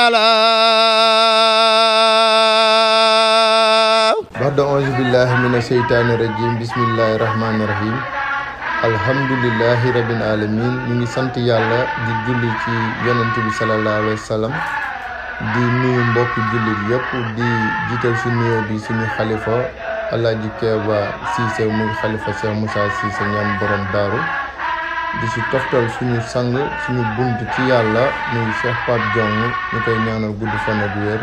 dala baxda auzu billahi mina sheytaani rajim bismillahi rahmaani rahim alhamdulilahi rabbil alamin ñu ngi sant yàlla di julli ci yonent bi sallallahu alayhi di nuyu mbokk jullit yëpp di jiital si nuyoo bi suñu xalifa alaaji Keeba Siise muy xalifa Cheikh Moussa Siise ñam borom daaru di ci toftal suñu sang suñu bunj ci yàlla muy Cheikh Pape Diong ñu koy ñaanal gudd fan ak wér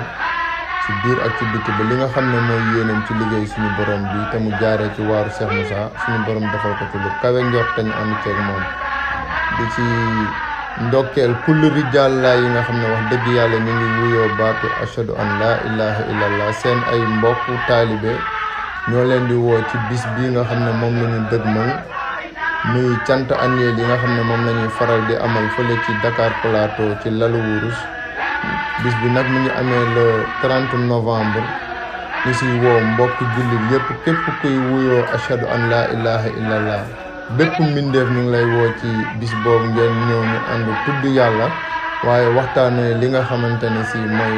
ci biir ak ci bitti ba li nga xam ne mooy yéenam ci liggéey suñu borom bi te mu jaaree ci waaru Cheikh Moussa suñu boroom defal ko ci lu kawe njort te ñu ànd ceeg moom di ci ndokkeel kullu rijalla yi nga xam ne wax dëgg yàlla ñu ngi wuyoo baatu ashadu an la ilaha illallah seen ay mbokk taalibe ñoo leen di woo ci bis bi nga xam ne moom la ñu dëgmal muy cant annuel yi nga xam ne moom lañuy faral di amal fële ci Dakar Plateau ci lalu wurus bis bi nag mu ngi amee le 30 novembre ñu si woo mbokk jullit yépp képp kuy wuyoo ashadu an laa ilaha illallah bépp mbindeef ñu ngi lay woo ci bis boobu ngeen ñëw ñu ànd tudd yàlla waaye waxtaanee li nga xamante ne si mooy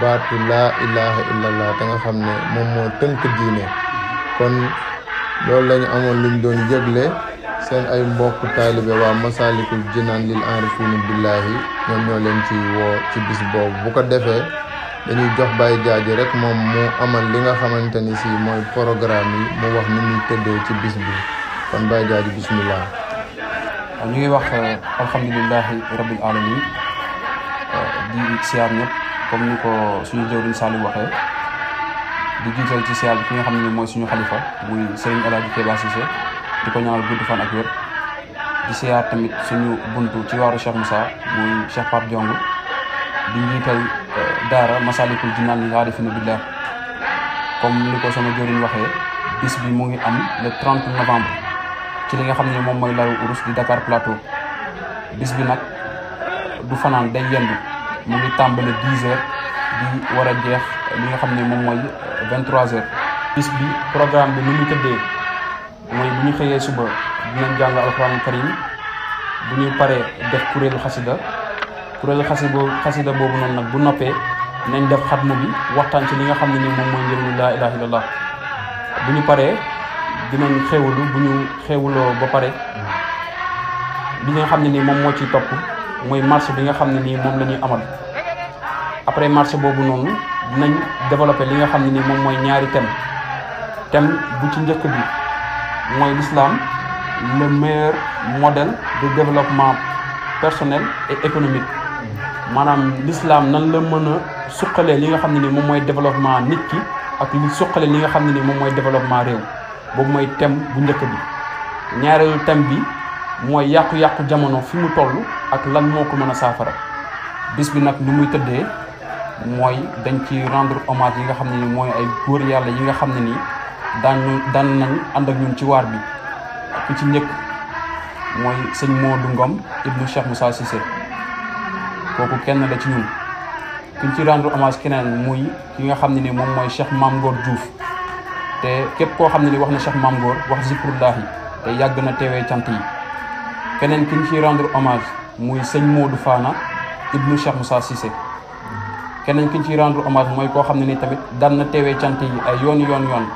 baatu laa ilaha illallah te nga xam ne moom moo tënk diine kon loolu lañu amoon luñ doon jégle seen ay mbokk taalibe waa Masalikul Jinaan lil aarifiina billaahi ñoom ñoo leen ci woo ci bis boobu bu ko defee dañuy jox Baye Diadji rek moom mu amal li nga xamante ni si mooy programme yi mu wax ni muy tëddee ci bis bi kon Baye Diadji bisimilah. waaw ñu ngi wax euh, alhamdulilahi rabbil alamin euh, di siyaar ñëpp comme ni ko suñu jëwriñ Saliou waxee di jiital ci siyaar bi ki nga xam ne mooy suñu xalifa muy Serigne El Hadj Kéba Cissé di ko ñaanal gudd fan ak wér di siyaar tamit suñu buntu ci waaru Cheikh Moussa muy Cheikh Pape Diongue di njiital eh, daara Masalikul Jinaan laa defina billah comme li ko sama jëriñ waxee bis bi mu ngi am le 30 novembre ci li nga xam ne moom mooy laru urus di Dakar Plateau bis bi nag du fanaan day yendu mu ngi tàmbale 10 heures di war a jeex li nga xam ne moom mooy 23 eh, heures bis bi programme bi ni mu tëddee mooy bu ñu xëyee suba dinañ jàng alxuraanul karim bu ñu paree def kuréelu xasida kuréelu xasida xasida boobu noonu nag bu noppee nañ def xatmu bi waxtaan ci li nga xam ne ni moom mooy njëriñu laa ilaha illallah bu ñu paree dinañ xewlu bu ñu xewuloo ba pare bi nga xam ne nii moom moo ci topp mooy marche bi nga xam ne nii moom la ñuy amal après marché boobu noonu dinañ développé li nga xam ne nii moom mooy ñaari thème thème bu ci njëkk bi mooy l'islam le meilleur modèle de développement personnel et économique maanaam l'islam nan la mën a suqalee li nga xam ne ni moom mooy développement nit ki ak li suqalee li nga xam ne ni moom mooy développement réew boobu mooy thème bu njëkk bi ñaareelu thème bi mooy yàqu-yàqu jamono fi mu toll ak lan moo ko mën a saafara bis bi nag ni muy tëddee mooy dañ ci rendre hommage yi nga xam ne ni mooy ay góor yàlla yi nga xam ne nii daan ñu daan nañ ànd ak ñun ci waar bi ku ci njëkk mooy sëñ Modou Ngom ibnu Cheikh Moussa Cissé kooku kenn la ci ñun kuñ ci rendre hommage keneen muy ki nga xam ne ni moom mooy Cheikh Mame Ngor te képp koo xam ne ni wax na Cheikh Mame Ngor wax zikrullahi te yàgg na teewee cant yi keneen kiñ ci rendre hommage muy sëñ Modou Fana ibnu Cheikh Moussa Cissé keneen kiñ ci rendre hommage mooy koo xam ne ni tamit daan na teewee cant yi ay yoon yoon yoon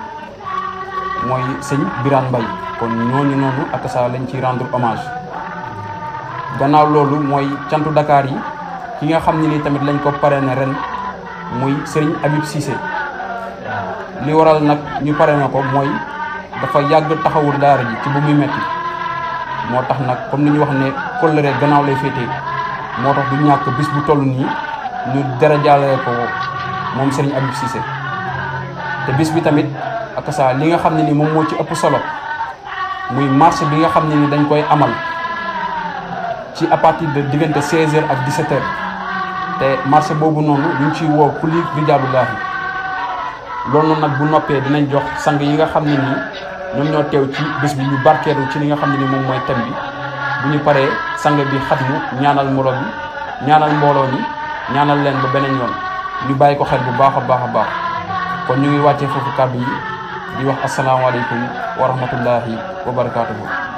mooy sëñ biran Mbaye kon ñooñu noonu sa lañ ci rendre hommage gannaaw loolu mooy cantu Dakar yi ki nga xam ni tamit lañ ko parrainé ren muy sëriñ Habib Cissé li waral nag ñu parrainé ko mooy dafa yàgg taxawul daara ji ci bu muy metti moo tax nag comme ni ñu wax ne gannaaw lay fété moo tax du bis bu toll nii ñu dara jàllale ko moom sëriñ Habib Cissé te bis bi tamit ak li nga xam ne ni moom moo ci ëpp solo muy marche bi nga xam ne ni dañ koy amal ci à partir de diggante 16 heures ak 17 heures te marché boobu noonu ñu ngi ciy woo pli rijaalullaahi loolu nag bu noppee dinañ jox sang yi nga xam ne nii ñoom ñoo teew ci bés bi ñu barkeeru ci li nga xam ne ni moom mooy thème bi bu ñu paree sang bi xatmu ñaanal moro bi ñaanal mbooloo mi ñaanal leen ba beneen yoon ñu bàyyi ko xel bu baax a baax a baax kon ñu ngi wàccee foofu kàddu yi di wax asalaamaaleykum wa rahmatullahi wa barakaatuhu.